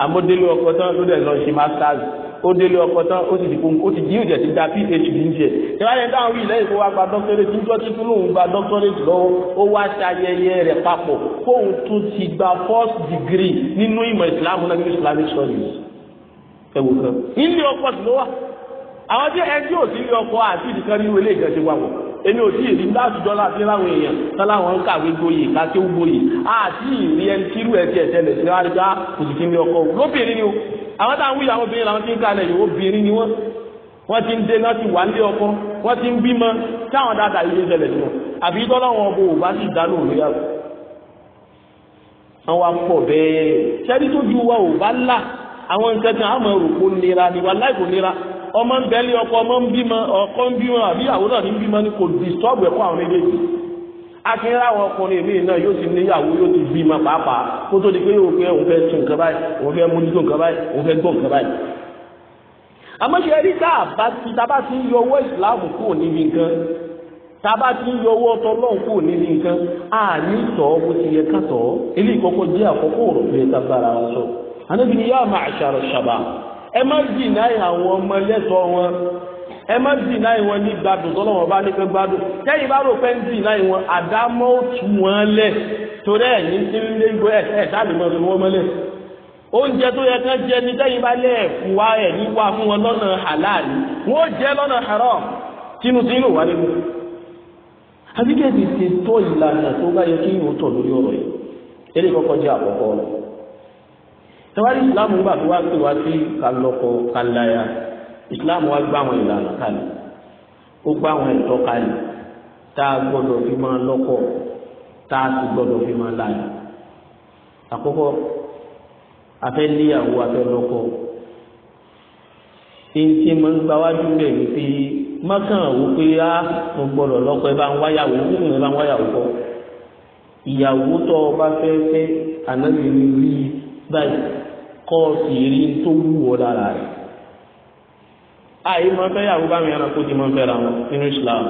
àmọ́ ọkọ tán ló dẹ̀ lọ ṣe masters ó délé ọkọ tán ó sì dìbò ó ti di ìjẹ ti da phd ń jẹ ìwádìí táwọn wí lẹ́yìn kó wá gba doctorate níjọ́ tí tún lòun gba doctorate lọ́wọ́ ó wá ṣayẹyẹ rẹ̀ papọ̀ kóun tún ti gba first degree nínú ìmọ̀ islam náà nínú islamic studies ẹ wò kán ilé ọkọ sì ló wà àwọn tí ẹjọ́ òsì ilé ọkọ àti ìdíkan nínú ilé ìjọ ti wà wọ̀ èmi ò tí ì rí láàtúndọ́ láti láwọn èèyàn tán láwọn ń kàwé gboyè káké gboyè àti ìrí ẹni tírú ẹ̀ tiẹ̀ tẹ̀lẹ̀ sí wájú á ah, kò sì kí ní ọkọ lóbìnrin ni o àwọn táwọn wíyà àwọn obìnrin làwọn ti ń kalẹ̀ yìí obìnrin ni wọ́n wọ́n ti ń dé náà ti wà ń lé ọkọ wọ́n ti ń bímọ táwọn dáadáa yìí ń ṣẹlẹ̀ nínú àbí tọ́lọ́wọ́n ọbọ̀ ò bá sì dánú òmìnirà àwọn akọ bẹ́ẹ̀ sẹ́ni tó ju wa ò bá là àwọn nǹkan kan àmọ́ òrùkó nira ni wa láì kò nira ọmọ ń bẹ́lí ọkọ ọmọ ń bímọ ọkọ ń bímọ àbí àwọn náà ń bímọ ni kò disturb ẹ̀kọ́ àwọn méjèèjì àti láwọn ọkùnrin mi náà yóò ti níyàwó yóò ti bí ma pàápàá kó tó di pé òun fẹ́ òun fẹ́ tún nǹkan báyìí òun fẹ́ mójútó nǹkan báyìí òun fẹ́ gbọ́ nǹkan báyìí. àmọ́ ṣe rí tá a bá ti tá a bá ti ń yọ owó ìsìláàmù kúrò níbi nǹkan tá a bá ti ń yọ owó ọtọ lọ́hùn kúrò níbi nǹkan a ní tọ́ bó ti yẹ ká tọ́ eléyìí kọ́kọ́ jẹ́ àkọ́kọ́ ọ̀rọ̀ pé ta bára wọn sọ. àná ẹ má dìnnà ìwọ̀n ní gbádùn tọ́lọ́wọ́n bá nípa gbádùn tẹ́yìn bá rò pé ń dìnnà ìwọ̀n àdámọ́ ó tù wọ́n lẹ̀ torí ẹ̀ ní tí ń lé gbọ́ ẹ̀ ẹ̀ sáàbì mọ́ fi wọ́n mọ́lẹ̀ oúnjẹ tó yẹ kán jẹ ní tẹ́yìn bá lẹ̀ fún wa ẹ̀ ní wá fún wọn lọ́nà halal wọ́n jẹ́ lọ́nà haram tinutinu wà nínú àbíkẹ́ ti ti tọ́ ìlànà tó bá yẹ kí yóò tọ̀ lórí ọ̀rọ̀ yìí eré kọ́kọ́ jẹ́ àkọ́kọ́ tẹwárí ìsìlámù islam wá gbá àwọn ìlànà kalẹ̀ ó gbá àwọn ẹ̀tọ́ kalẹ̀ tá a gbọ́dọ̀ fi máa lọ́kọ tá a sì gbọ́dọ̀ fi máa láàyè àkọ́kọ́ afẹ́ níyàwó afẹ́ lọ́kọ títí mo ń gba wájú rẹ̀ wípé mọ́kàn wò pé á mo gbọ́dọ̀ lọ́kọ ẹ bá ń wáyàwó nínú ẹ bá ń wáyàwó kọ́ ìyàwó tó o bá fẹ́ fẹ́ ànágbèrè rí báyìí kọ́ ọ sì rí tó wù ọ́ lára rẹ̀ àyè máa fẹ́ yàwó bá mi ẹranko ti máa fẹ́ ra wọn nínú Islam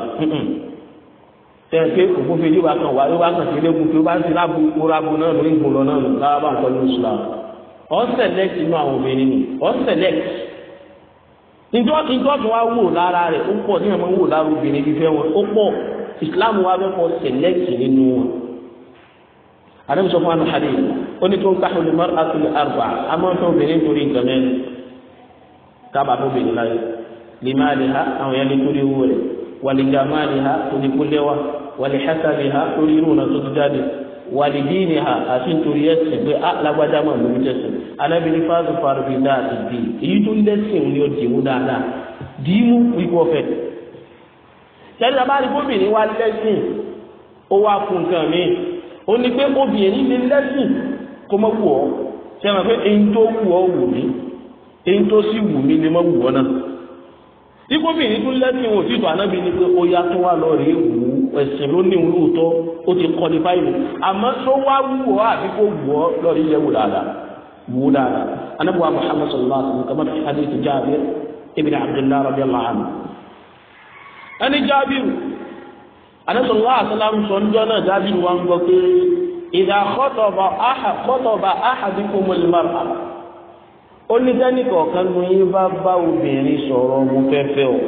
tẹ̀sí òfófó yìí wà kàn wá ló bá kàn sí ilé kùn tó bá ń ti lábu kórabu náà lórí ìgbò lọ náà lára bá ń kọ́ nínú Islam ọ̀ select inú àwọn obìnrin ni ọ̀ select ìjọ ìjọ tó wá wò lára rẹ̀ ó pọ̀ ní àwọn wò lára obìnrin fífẹ́ wọn ó pọ̀ Islam wa fẹ́ kọ́ select nínú wọn àdéhùn sọ fún wa ní hadith ó ní tó ń káhùn ní mọ́ra àti àrùbà àmọ́ tó obìnrin torí ìgbà limaliha àwọn yẹn lè torí owó rẹ̀ wàlìjàmáliha torí kúlẹ́wà wàlìhásáliha torí irú ọ̀nà tó ti jáde wàlìdíìnì ha àti nítorí ẹ̀sìn pé á ah, lágbájá mọ̀ lórí tẹ̀sìn alábìnrin fáàzù fàrùbí dáa ti di èyí tó lẹ́sìn ni ó dìímú dáadáa dìímú wípé ọ̀fẹ́ tẹ́lẹ̀ abáàrí gómìnir wa lẹ́sìn ó wá kun nǹkan mi ó ní pé obìnrin lè lẹ́sìn kó mọ́ wù ọ́ ṣe é mọ̀ pé eyín tó wù ọ́ wù mí eyín tó sì wù mí lè mọ́ wù ọ́ ikóbìnrin tún lẹ́sìn wò títọ́ anábì ni pé ó yá tó wà lọ rèé wù ú ẹ̀sìn ló ní ìwúlò tó ó ti kọ́ ní fáìlì àmọ́ tó wá wù ọ́ àbí kó wù ọ́ lọ́ọ̀rì yẹ wù dáadáa wù dáadáa anábì wa muhammad sallallahu alaihi wa sallam kama fi hadith jaabir ibn abdullah radiyallahu anhu. ẹni jaabiru anábì sallallahu alaihi wa sallam sọ ń jọ́nà jaabiru wa ń gbọ́ pé ìdá khotaba ahad khotaba ahadikumul mar'a ó ní dáníkọ̀ kan nu yín bá bá obìnrin sọ̀rọ̀ mo fẹ́ fẹ́ o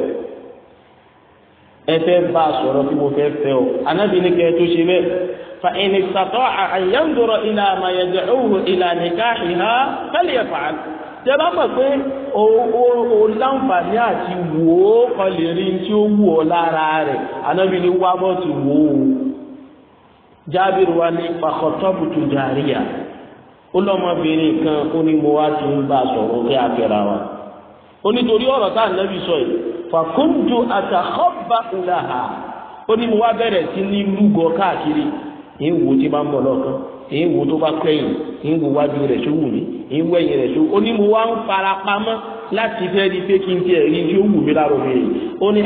ẹ fẹ́ bá a sọ̀rọ̀ bí mo fẹ́ fẹ́ o anábì ní kẹ́ẹ́ tó ṣe bẹ́ẹ̀ fa ẹni sàtọ́ àyàndọ̀rọ̀ ìlà àmàyẹ̀dẹ̀ òhùn ìlà nìka ìhá fẹ́lẹ̀ fàá tẹ bá mọ̀ pé o o o láǹfààní àti wò ó kan lè rí tí ó wù ọ lára rẹ̀ anábì wá bọ́ ti wò ó jábìrì wa ní pàkọ́tọ́bù tó jàríyà ó lọ́mọbìnrin kan ó ní mo wá ti ń bá a sọ̀rọ̀ kí a fẹ́ra wa ó nítorí ọ̀rọ̀ tá à nẹ́bí sọ yìí fàkóńjò àtàkọ́bà ńláha ó ní mo wá bẹ̀rẹ̀ sí ní lúgọ káàkiri èyí wo ti máa ń bọ̀ lọ́kàn èyí wo tó bá kẹ́yìn èyí wo wájú rẹ̀ sówù mí èyí wo ẹ̀yìn ó ní mo wá ń farapamọ́ láti fẹ́ di pé kí n tiẹ̀ rí yóò wù mí lárò mi. ó ní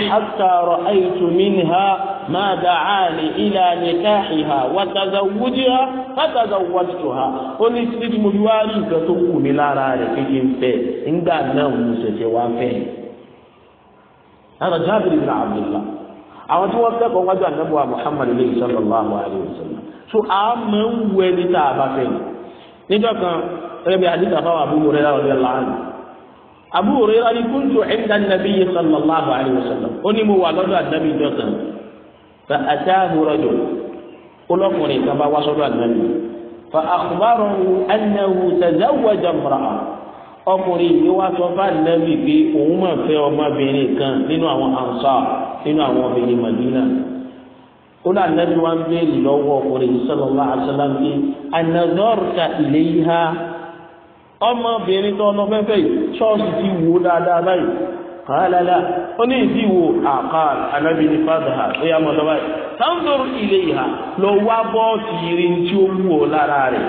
ma da'ani ila nikahiha wa tazawwujiha fa tazawwajtuha. ó ní títí tí mo fi wá rí nǹkan tó wù mí lára rẹ̀ kí n fẹ́ nígbà náà mo ṣẹ̀ṣẹ̀ wá fẹ́. àwọn tí wọ́n wájú Muhammad sallallahu alayhi wa sallam. so ń ní tá a bá fẹ́ níjọ́ kan ẹgbẹ́ fáwọn abu hurairah ni kuntu inda nabiyyi sallallahu alayhi wa sallam ó ní mo wà lọ́dọ̀ ànábì jọ́sán fa ataahu rajul ọlọ́kùnrin kan bá wá sọ́dọ̀ ànábì fa akhbarahu annahu tazawwaja imra'a ọkùnrin yìí wá sọ fún ànábì pé òun máa fẹ́ ọmọbìnrin kan nínú àwọn ansar nínú àwọn obìnrin madina kódà ànábì wá ń béèrè lọ́wọ́ ọkùnrin sallallahu alayhi wa sallam pé anadharta ilayha ọmọbìnrin tó ọlọ́ fẹ́fẹ́ yìí ṣọ́ọ̀ṣì ti wò dáadáa báyìí kàálàlà ó ní ìdí wo àkàl anábìnrin fàdáhà ó yà mọ̀ lọ́wọ́ yìí sáńdọ̀rù ilé ìhà lọ wá bọ́ọ̀tì irin tí ó wù ọ lára rẹ̀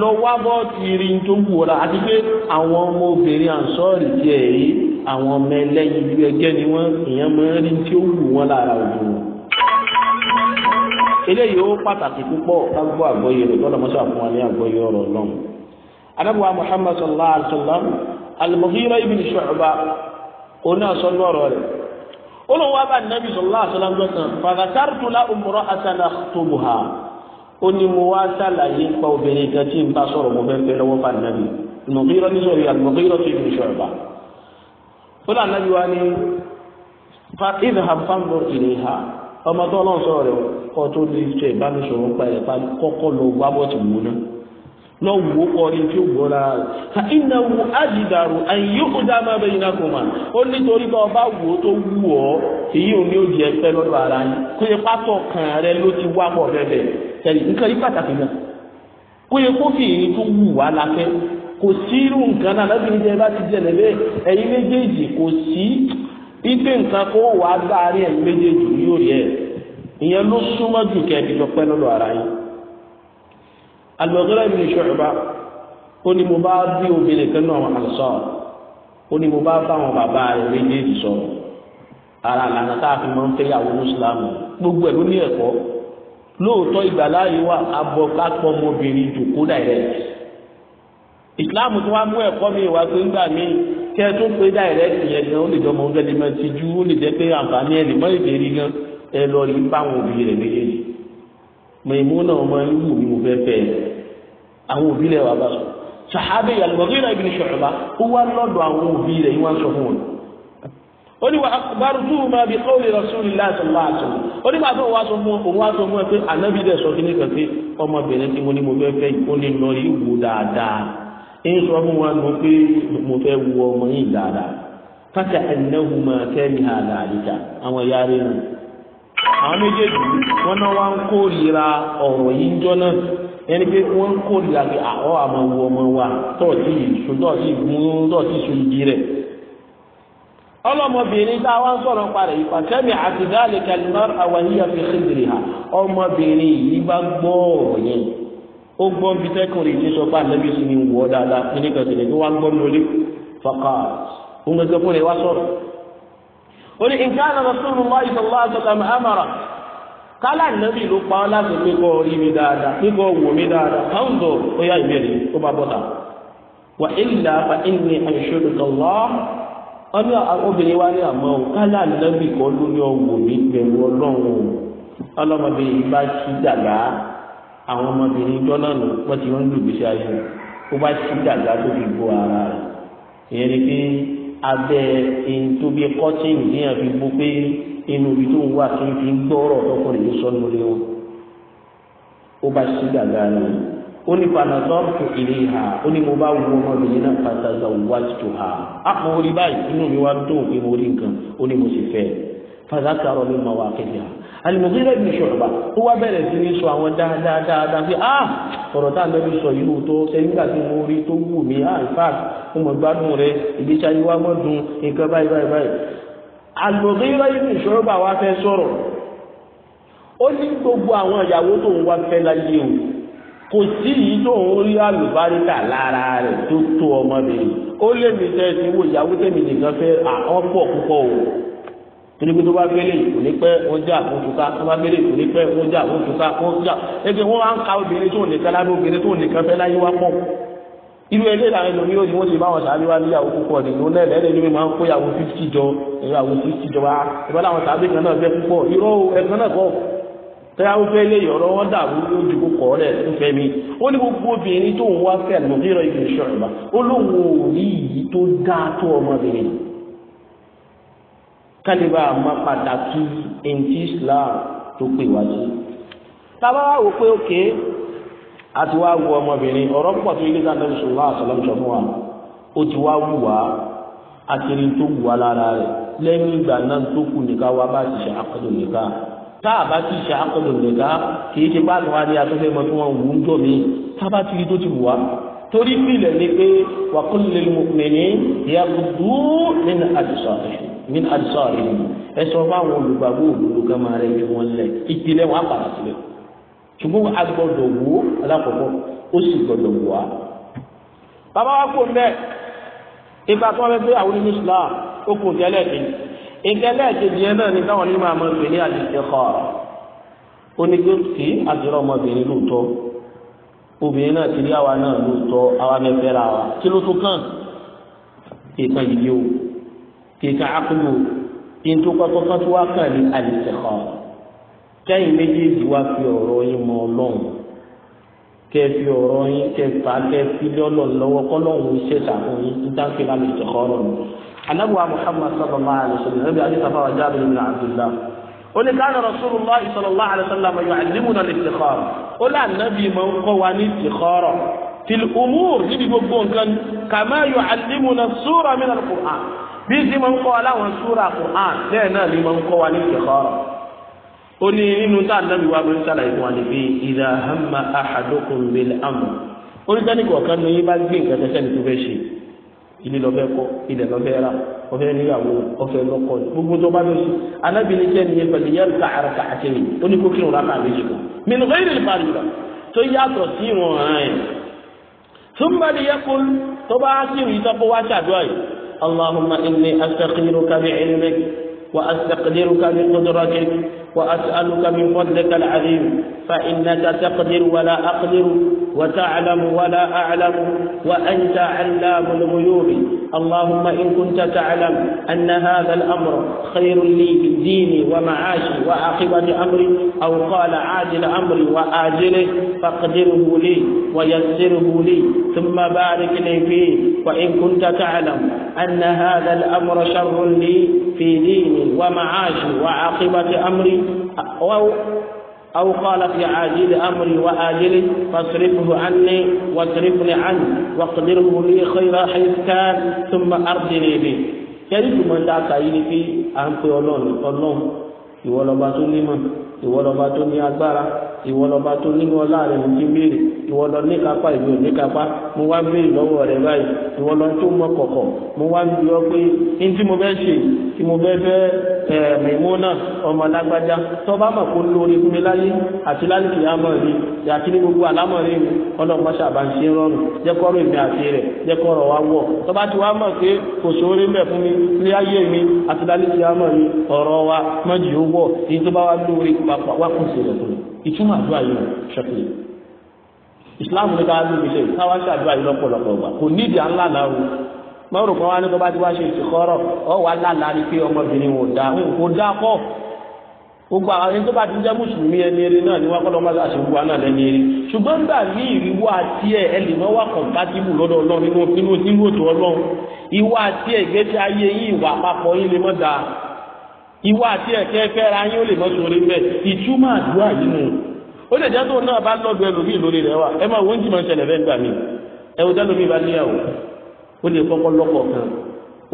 lọ wá bọ́ọ̀tì irin tó wù ọ lára àti pé àwọn ọmọ obìnrin ànsọ́ọ̀rì ẹ̀ rí àwọn ọmọ ẹlẹ́yin ibi ẹgẹ́ ni wọ́n ìyẹn mọ́ rí tí ó wù wọ́n lára òjò eléyìí ó pàtàkì púpọ̀ lágbó àgbọ́yé rẹ̀ tọ́lọ́mọṣà ní àgbọ́yé ọ̀rọ̀ ọlọ́run anabuwa muhammad sallallahu alaihi wasallam al-mughira ibn shu'ba ona sọnnu ọ̀rọ̀ rẹ̀ ona wa ba nabi sallallahu alaihi wasallam dọkan fadakartu la imra'atan akhtubuha oni mo wa ṣàlàyé pa obìnrin kan tí n bá sọ̀rọ̀ mo fẹ́ fẹ́ lọ́wọ́ fa nabi al-mughira ni sọ̀rọ̀ al-mughira ibn shu'ba ona nabi wa ni fa idhhab fanzur ilayha ọmọ tó lọ sọ̀rọ̀ rẹ̀ kọ tó lọ wò kọrin tí ó gbọ́ra rẹ̀ ka iná wu ájìdàrú àyè kó dá má bẹ́yìn náà kó ma ó bá ọba wò ó tó wù ọ́ èyí ò ní ó di ẹgbẹ́ lọ́dọ̀ ara yín kó yẹ pátọ̀ kan rẹ ló ti wá bọ̀ bẹ́ẹ̀ tẹ̀lé nǹkan yí pàtàkì náà kó yẹ tó wù wá kò sí irú nǹkan náà bá ti bẹ́ẹ̀ méjèèjì kò sí ipe nǹkan kó Al-Mughira ibn Shu'ba ó ní mo bá bí obìnrin kan náà wọn àlùsọ ó ní mo bá bá àwọn bàbá rẹ̀ méjèèjì sọ̀rọ̀ ara àlànà tá a fi máa ń fẹ́ yàwó mùsùlùmí gbogbo ẹ̀ ló ní ẹ̀kọ́ lóòótọ́ ìgbàláyé wà abọ́ kápọ̀ ọmọbìnrin jòkó direct ìsìláàmù tí wọ́n mú ẹ̀kọ́ mi wá pé ńgbà mí kẹ́ ẹ tó pé direct yẹn gan ó lè jọ ọmọ ọdún máa ti ju ó lè jẹ́ pé àǹfààní ẹ̀ lè èdè rí gan ẹ lọ rí báwọn òbí rẹ̀ méjèèjì mọ̀ ìmú náà máa ń wù mí mo fẹ́ fẹ́ ẹ̀ àwọn òbí rẹ̀ wà bá sọ sàhábì Al-Mughira ibn Shu'ba ó wá lọ́dọ̀ àwọn òbí rẹ̀ wọ́n sọ fún wọn. ó ní wa akhbartuhuma bi qawli Rasulillah sallallahu alaihi wasallam ó ní wàá fún wa sọ fún òun wá sọ fún ẹ pé ànábì dẹ̀ sọ kí ní kan pé ọmọbìnrin tí mo ní mo fẹ́ fẹ́ ó ní lọ rí wò dáadáa ń sọ fún wa pé mo fẹ́ wo ọmọ yìí dáadáa fákà ẹnẹ́hùnmá kẹ́mi hà àwọn ìyá rẹ̀ nù àwọn méjèèjì wọn náà wá ń kórìíra ọ̀rọ̀ yìí jọ náà ẹni pé wọ́n ń kó ìlànà àwọn àmọ́ ọmọ wa tọ́ọ̀tì ìgbìmọ̀ tọ́ọ̀tì rẹ̀ tá a wá ń sọ̀rọ̀ parẹ́ yìí pàṣẹ́mi àtìdáàlì kalimar awàhíyà fi ṣèlérí ha ọmọbìnrin yìí bá gbọ́ ọ̀rọ̀ yẹn ó gbọ́ bí tẹ́kùnrin sọ pé ni wọ́ dáadáa gbọ́ kálá nàbì ló pa ọ́ láti pé kọ́ rí mi dáadáa pé kọ́ wò mí dáadáa hàn bọ̀ ó yá ìbéèrè ó bá bọ́ta wà ilà fa ìní àìṣòdùkọ̀lọ́ ọdún obìnrin wa ní àmọ́ ò kálá nàbì kọ́ ló ní ọ̀wọ̀ mi pẹ̀lú ọlọ́run ọlọ́mọbìnrin bá ti dàgbà àwọn ọmọbìnrin jọ́nà nù wọ́n ti wọ́n lùgbèsè ayé ó bá ti dàgbà tó fi bo ara rẹ̀ ìyẹn ni pé abẹ́ ẹni tó bí kọ́tìnì inú ibi tó ń wà tó ń fi gbọ́rọ̀ ọkùnrin ló sọ lórí wọn ó bá ṣí gàgà rẹ ó ní panasọ́ọ̀tù ilé ha ó ní mo bá wù ọmọbìnrin náà pàtàkì wájú tó ha á mo rí báyìí inú mi wá tó òfin mo rí nǹkan ó ní mo sì fẹ́ fàdákàrọ̀ mi máa wà kéde ha alimọ̀gílẹ̀ ní ṣọ̀rọ̀bà ó wá bẹ̀rẹ̀ sí ní sọ àwọn dáadáa dáadáa pé ah ọ̀rọ̀ tá a lẹ́nu sọ yìí tó ṣẹ́yìnká tí mo rí tó wù mí ah in fact mo mọ̀ gbádùn rẹ ìgbésí ayé wa mọ̀ dùn nǹkan báyìí báyìí báyìí Al-Mughira ibn Shu'ba wá fẹ́ sọ̀rọ̀ ó ní gbogbo àwọn ìyàwó tó ń wá fẹ́ láyé o kò sí yìí tó ń rí àlùbáríkà lára rẹ̀ tó tó ọmọbìnrin ó lè mi tẹ́sí wo ìyàwó tẹ̀mí nìkan fẹ́ ọ̀pọ̀ púpọ̀ o torí pé tó bá gbélé kò ní pẹ́ ó jà fún tó bá gbélé kò ní pẹ́ ó jà fún tuka ó jà ẹgbẹ́ wọn á ń ka obìnrin tó nìkan lábẹ́ obìnrin tó nìkan fẹ́ láyé wá pọ̀ irú ẹlẹ́ ìlànà ìlòmí ó ní wọ́n ti bá wọn sàábí wá níyàwó púpọ̀ ní ìlú náà lẹ́nu ìlú máa ń kó ìyàwó fífítì jọ ìyàwó fífítì jọ wá ah, ìbá láwọn sàábí kan náà fẹ́ púpọ̀ irọ́ ẹ̀kan náà kọ́ tẹ́yàwó fẹ́ lé ọ̀rọ̀ wọn dàbú lójú kókọ̀ rẹ̀ tó fẹ́ mi ó ní gbogbo obìnrin tó ń wá fẹ́ àlùmọ́dérọ̀ ìlú ṣọ̀rọ̀mà ó lóun ò rí iyì tó dáa tó ọmọbìnrin kálíbà a ti wá wọ ọmọbìnrin ọ̀rọ̀ pọ̀ tó ilé ká nàbì sọ̀rọ̀ àṣàlám sọ fún wa ó ti wá wù wá akiri tó wù wá lára rẹ̀ lẹ́yìn ìgbà náà tó kù nìka wá bá ti ṣe àkọlù nìka tá a bá ti ṣe àkọlù nìka kì í ṣe bá àwọn adé afẹ́fẹ́ mọ tí wọ́n wù ú jọ mí tá ti rí tó ti wù wá torí pìlẹ̀ ni pé wa qul lil mu'minin yaghuddu min absarihim min absarihim ẹ sọ fún àwọn olùgbàgbọ́ òdodo kan rẹ̀ ju wọn lẹ̀ ìpìlẹ̀ wọn á sílẹ̀ ṣùgbọ́n a gbọ́dọ̀ wò alákọ̀ọ́kọ́ ó sì gbọ́dọ̀ wò á. bàbá wa kò mbẹ́ ipa tí wọ́n fẹ́ gbé àwọn onímọ̀ islam ó kò tẹ́lẹ̀ kejì ìkẹlẹ̀ kejì yẹn náà ní táwọn onímọ̀ ọmọbìnrin ní àdìsẹ́kọ̀ onígbé tí àdìrọ̀ ọmọbìnrin lóòótọ́ obìnrin náà ti rí àwa náà lóòótọ́ àwa mẹ́fẹ́ ra wa kí ló tó kàn kéèkan yìí o kéèkan akúlù yìí kan tó wá kàn ní àdìsẹ́kọ̀ kẹ́yìn méjèèjì wá fi ọ̀rọ̀ yín mọ ọlọ́run kẹ́ fi ọ̀rọ̀ yín kẹ́ fà kẹ́ fi lọ́lọ́ lọ́wọ́ kọ́lọ́run ṣe sàkún yín níta fi lálẹ́ ìtọ́kọ́rọ̀ mi. anábùwà muhammad sallallahu alayhi wa sallam rabi alisafa wa jaabir bin abdullah ó ní káàna rasulullah sallallahu alayhi wa sallam yóò alimuna lè tìkọ́rọ̀ ó lá nàbì máa ń kọ́ wa ní tìkọ́rọ̀ til umur níbi gbogbo nǹkan kàmá yóò alimuna súra min al-Qur'an bí ó ní nínú tá ànábì wa bí sálà ìfún wa ní bí ìdá hàmà àhàdókùn bil amr ó ní sẹ́ni kọ̀ọ̀kan ní yín bá gbé nǹkan tẹ́ sẹ́ni tó fẹ́ ṣe ilé lọ́fẹ́ kọ́ ilẹ̀ lọ́fẹ́ ra ọfẹ́ níyàwó ọfẹ́ lọ́kọ́ gbogbo tó bá lọ sí ànábì ní sẹ́ni yẹn pẹ̀lú yẹn ká ara ká àti rìn ó ní kó kírun rákà méjì kan mìíràn ó yẹ lè tó yàtọ̀ sí ìwọ̀n ẹ̀ túmbàdì yẹ kó tó bá kírun ìtọ́pọ̀ wá ṣàdúrà yìí allahumma inni astaghfiruka bi ilmik wa astaghfiruka bi qudratik وأسألك من فضلك العظيم فإنك تقدر ولا أقدر وتعلم ولا أعلم وأنت علام الغيوب اللهم إن كنت تعلم أن هذا الأمر خير لي في ديني ومعاشي وعاقبة أمري أو قال عاجل أمري وآجله فاقدره لي ويسره لي ثم بارك لي فيه وإن كنت تعلم أن هذا الأمر شر لي في ديني ومعاشي وعاقبة أمري أو أو قال في عاجل أمري وآجله فاصرفه عني واصرفني عنه واقدره لي خيرا حيث كان ثم أرضني به كيف من ذاك dáka في ni pé à ń pe ọlọ́run ọlọ́run ìwọ lọba tó ìwọ lọba tó nínú ọlá rẹ mo ti béèrè ìwọ lọ ní kápá ìwé ò ní kápá mo wá béèrè lọ́wọ́ rẹ báyìí ìwọ lọ tó mọ kọ̀kọ̀ mo wá bí ọ pé ní tí mo fẹ́ ṣe tí mo fẹ́ fẹ́ ẹ mẹ̀mọ́nà ọmọ lágbájá tó bá mọ̀ kó lórí fún mi láyé àti lálùkì àmọ̀ rí àti ní gbogbo àlámọ̀ rí mi ọlọ́mọ ṣàbàǹṣe rọrùn jẹ́kọ́rọ̀ èmi àti rẹ̀ jẹ́kọ́rọ̀ wá wọ̀ tó bá ti wá mọ̀ pé kò sóore mẹ́ fún mi ní ayé mi àti lálùkì àmọ̀ rí ọ̀rọ̀ wa mọ́jì ó wọ̀ èyí tó bá wá lórí pàpà wá kùn sí rẹ̀ ìtumọ̀ àdúrà yìí ṣẹ́kù ìsìláàmù ní káwá lóbi lè káwá ṣe àdúrà yìí lọ́pọ̀lọpọ̀ gbà kò nídìí à ń lànà o mọ́rù kan wá ní bọ́bá tí wá ṣe ìsìkọ́rọ̀ ọ wà lálàá ni pé ọmọbìnrin ò dá kò dá pọ̀ gbogbo àwọn ẹni tó bá ti jẹ́ mùsùlùmí ẹni eré náà ni wọ́n kọ́ lọ́mọ àti ìwà náà lẹ́ni eré ṣùgbọ́n gbà ní ìrìwọ́ àti ẹ̀ ẹ lè mọ́ wà kọ̀ǹtátìbù lọ́dọ̀ ọlọ́run nínú nínú ètò ọlọ́run ìwà àti ẹ̀ ìgbésí ayé yín ìwà àpapọ̀ yín lè mọ́ dáa ìwà àti ẹ̀kẹ́ fẹ́ra yín ó lè mọ́ sórí ń bẹ̀ ìtumọ̀ àdúrà yìí nù ó lè jẹ́ tó náà bá lọ́dọ̀ ẹlòmíì lórí rẹ̀ wà ẹ máa wọ́n jì máa ń ṣẹlẹ̀ fẹ́ẹ́ gbà mí ẹ wò dẹ́lómi bá níyàwó ó lè kọ́kọ́ lọ́kọ̀ kan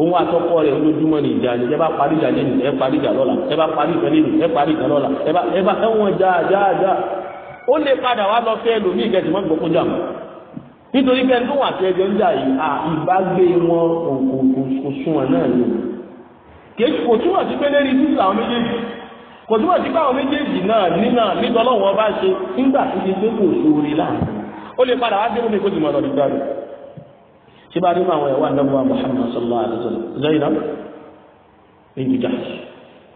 òun àtọkọ rẹ̀ lójúmọ́ ní ìjà ni ẹ bá parí ìjà lẹ́nu ẹ parí ìjà lọ́la ẹ bá parí ìjà lẹ́nu ẹ parí ìjà lọ́la ẹ bá ẹ bá ẹwọn já já já ó lè padà wá lọ fẹ́ ẹlòmíì ìkẹsì mọ́ gbọ́kún jà mọ́ nítorí pé ẹni tó wà tẹ́ ẹjọ́ ń jà yìí ìbágbé wọn kò sún wọn náà yìí kò túmọ̀ sí pé lérí títà àwọn méjèèjì kò túmọ̀ sí pé àwọn méjèèjì náà nínà nígbà ọlọ́run ọba ṣe nígbà tó ti pé kò sóore láàrin ó lè padà wá dé omi kó ti mọ̀ lọ́dún gbàdúrà ṣé bá dé àwọn ẹ̀wà nàbọ̀ Muhammad sallallahu alaihi wasallam Zainab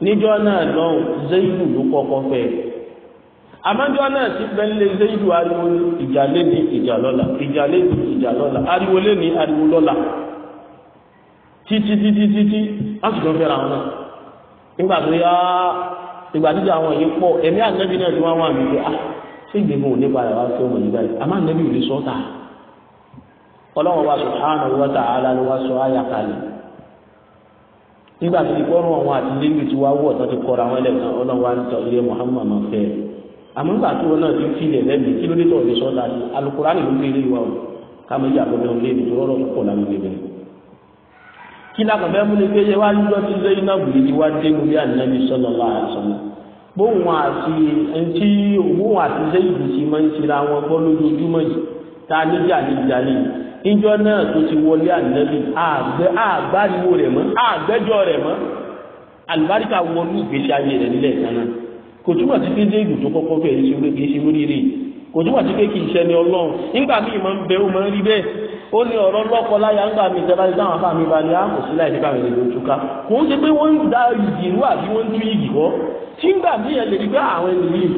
níbi náà lọ́hùn Zainab ló kọ́kọ́ fẹ́ àmọ́jọ́ náà ti bẹ́ lé Zainab ariwo ìjà lé ní ìjà lọ́la ìjà lé ní ìjà lọ́la ariwo lé ní ariwo lọ́la títí títí títí lásìkò ń fẹ́ra wọn náà nígbà tó yá ìgbà títí àwọn yìí pọ̀ ẹ̀mí ànábì náà ti wá wà mí pé ah ṣé ìgbìmọ̀ ò ní padà wá sí ọmọ yìí báyìí àmọ́ ànábì ò lè sọ ta ọlọ́run wa subhanahu wa ta'ala ló wá sọ ayà kalẹ̀ nígbà tó ti kọ́rùn àwọn àtìlẹ́yìn tí wá wọ̀ tó ti kọ́ra àwọn ẹlẹ́gbẹ̀ẹ́ ọlọ́run wa ń tọ́ ilé Muhammad máa fẹ́ àmọ́ nígbà tó wọn náà ti fi ilẹ̀ lẹ́bi o káàmù ìjà àbọ̀bẹ̀ òun lé nítorí ọ̀rọ̀ kila kan bẹ́ẹ̀ múlẹ̀ gbéyẹ wá níjọ́ tí Zainabu yìí wá dé mú bí ànábi sallallahu alaihi wasallam bóun àti ẹntì òun àti Zainabu ti máa ń tira wọn gbọ́ lójoojúmọ́ yìí tá a níjà níjà ní níjọ́ náà tó ti wọlé ànábi àgbẹ̀ àgbáriwo rẹ̀ mọ́ àgbẹ́jọ́ rẹ̀ mọ́ àlùbáríkà wọnú ìgbésí ayé rẹ̀ nílẹ̀ kan náà kò túmọ̀ sí pé Zainabu tó kọ́kọ́ fẹ́ẹ́ ṣe orí kì í ṣe oríire kò túmọ̀ kì í ṣẹni Ọlọ́run nígbà ó ní ọ̀rọ̀ lọ́kọ láyà ńgbà mi ìjọba ní táwọn afáàmì bá ní àpò sílẹ̀ nígbà mi lèlò túká kò ń ṣe pé wọ́n ń da ìyì ìlú àbí wọ́n ń tú ìyì wọ́ tí ńgbà mí yẹn lè rí pé àwọn ènìyàn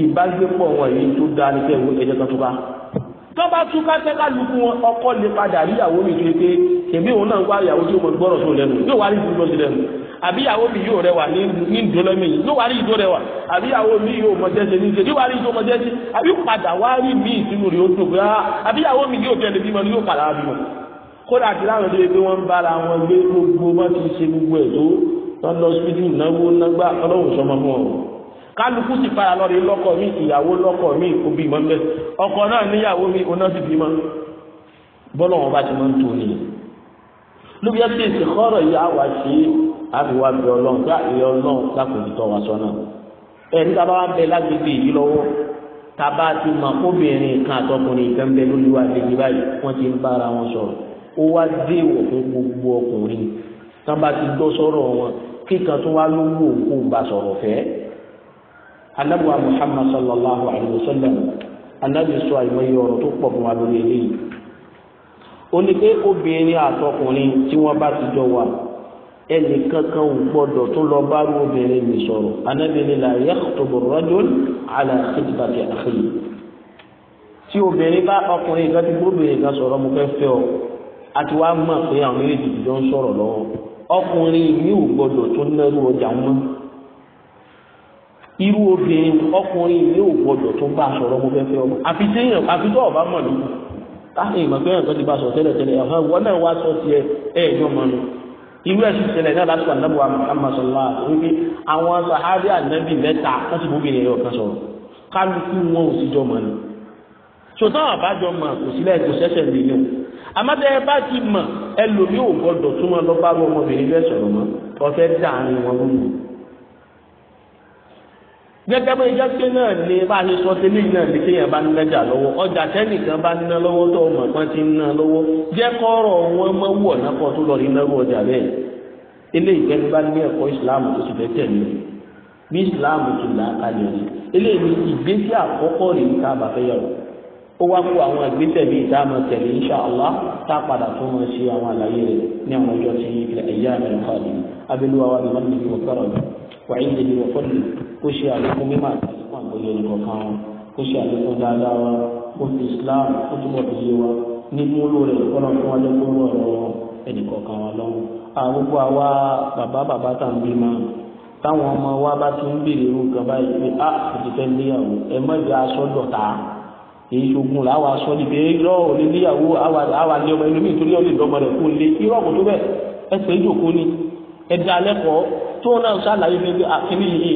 ìbágbépọ̀ wọn yìí tó da ní kẹwọ́ ẹjẹ́ kan tó bá. tó bá túká tẹ́ka lukú wọn ọkọ lè padà rí ìyàwó mi kéde tèmi òun náà wá ìyàwó tí ó mọ gbọ́rọ̀ tó lẹ́nu yóò wá rí ìdúró sí lẹ́nu àbíyàwó mi yóò rẹwà ní ìdólẹ́mì yìí yóò wá rí ìdó rẹwà àbíyàwó mi yóò mọ̀jẹ́sẹ̀ ní ìṣe yóò wá rí ìdó mọ̀jẹ́sẹ̀ àbí padà wá rí mi ìsinú rẹ̀ ó tó gbé á ah, àbíyàwó mi yóò tẹ̀lé bímọ ni yóò padà wá bímọ. kódà kí láwọn ilé pé wọ́n ń bára wọn gbé gbogbo wọn ti ṣe gbogbo ẹ̀ tó wọn lọ síbítù náwó nágbà ọlọ́run sọmọ fún wọn kálukú sì para lọ rí lọ́kọ mi ìyàwó lọ́kọ mi kò bímọ mbẹ ọkọ náà níyàwó mi òun náà sì bímọ bọ́lọ̀ wọn bá ti máa ń tó nìyẹn lóbi ẹ ti ṣèkọ́rọ̀ yìí àwàṣe àfi wá bí ọlọ́run tó àìyé ah, ọlọ́run lákòókò tó wá sọ́nà ẹ̀ nígbà bá wà bẹ lágbègbè yìí lọ́wọ́ tába ti mọ̀ kóbìnrin kan àtọkùnrin kan bẹ lórí wa lè báyìí wọ́n ti ń bára wọn sọ̀rọ̀ ó wá dé ìwọ̀ fún gbogbo ọkùnrin tába ti gbọ́ sọ̀rọ̀ wọn kíkan tó wá ló wù òkú bá sọ̀rọ̀ fẹ́. anábùwà Muhammad sallallahu alayhi wa sallam anábì sọ àìmọye ọ̀rọ̀ tó pọ̀ fún wa lórí eléyìí. ó ní pé obìnrin àtọkùnrin tí wọ́n bá ti jọ wà ẹnìkankan ò gbọdọ̀ tó lọ bá rú obìnrin mi sọ̀rọ̀ anábìnrin la yakhtubu ar-rajul ala khitbati akhihi tí obìnrin bá ọkùnrin kan ti gbóbìnrin kan sọ̀rọ̀ mo fẹ́ fẹ́ ọ àti wàá mọ̀ pé àwọn méjì jọ ń sọ̀rọ̀ lọ́wọ́ ọkùnrin mi ò gbọdọ̀ tó nẹ́rú ọjà mọ́ irú obìnrin ọkùnrin mi ò gbọdọ̀ tó bá sọ̀rọ̀ mo fẹ́ fẹ́ ọmọ àfi téèyàn àfi tó ọba bá sọ tẹ́lẹ̀ irú ẹ̀sùn ìṣẹ̀lẹ̀ náà láti wà nàbọ̀ Muhammad sallallahu alaihi wípé àwọn sàhábì ànábì mẹ́ta wọ́n ti bóbìnrin ẹ̀yọ̀ kan sọ̀rọ̀ kálukú wọn ò sí jọ ni sọtá àbájọ mọ̀ kò sílẹ̀ kò sẹ́sẹ̀ lè àmọ́tẹ́ bá ti mọ̀ ẹlòmíì ò gbọ́dọ̀ túmọ̀ lọ́ bá ọmọbìnrin bẹ́ẹ̀ sọ̀rọ̀ mọ́ ọ fẹ́ wọn lónìí gẹ́gẹ́ bí ẹjọ́ pé náà ni bá a ṣe sọ tẹ́lẹ̀ náà ni kéèyàn bá ní lẹ́jà lọwọ ọjà tẹ́nìkan bá ń ná lọ́wọ́ tó ọmọ kan ti ń ná lọ́wọ́ jẹ́ wọn tó lọ ọjà bá ní tó bí là ìgbésí rèé tá a bá fẹ́ yàrá ó wá kó àwọn bíi a máa tá a padà tó máa wàyí lèmi wọ fọlù kó ṣe àlékún mímọ̀ àti àlékún àgbọ́yé nìkọ̀ọ̀kan wọn kó ṣe àlékún dáadáa wa kó fi islam kó túbọ̀ fi yé wa ní múlò rẹ̀ kọ́nà fún wájú kó rọ̀ ọ̀rọ̀ ẹnìkọ̀ọ̀kan wa lọ́wọ́. àgbogbo àwa bàbá bàbá tá à ń bí ma táwọn ọmọ wa bá ti ń béèrè irú nǹkan báyìí pé a kò ti fẹ́ níyàwó ẹ mọ̀ ìgbà aṣọ dọ̀tà èyí ṣogun là wà sọ níbi irọ́ òní níyàwó àwa ní ọmọ ẹlòmíì torí ọ̀lẹ́dọ̀gbọ̀n rẹ̀ kó lé irọ́ kò tó bẹ́ẹ̀ ẹ pé ìjòkó ni ẹ dá lẹ́kọ̀ọ́ tó náà sàlàyé fún mi ah, àkíní yìí